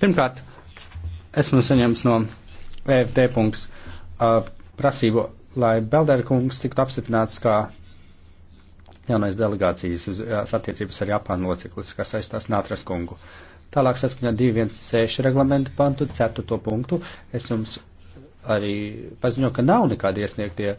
Pirmkārt, esmu saņēmis no EFD punkts uh, prasību, lai Beldera kungs tiktu apstiprināts kā jaunais delegācijas uz attiecības ar Japānu loceklis, kas saistās Nātras kungu. Tālāk saskaņā 216 reglamentu pantu 4. punktu es jums arī paziņoju, ka nav nekādi iesniegtie